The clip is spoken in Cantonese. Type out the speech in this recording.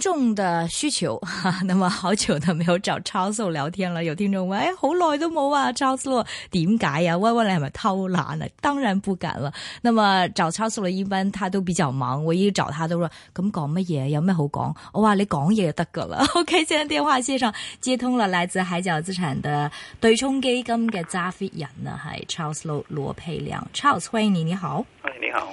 眾的需求、啊，那麼好久都沒有找 Charles 聊天了。有聽眾問：哎，好耐都冇啊，Charles，點解啊？問一問係咪偷懶啊？當然不敢了。那麼找 Charles 咧，一般他都比較忙。我一找他，都話咁講乜嘢？有咩好講？我、哦、話你講嘢就得噶啦。OK，現在電話線上接通了，來自海角資產的對沖基金嘅揸 fit 人呢，係 Charles Law 羅霈良，Charles，歡迎你，你好。歡迎、hey, 你好。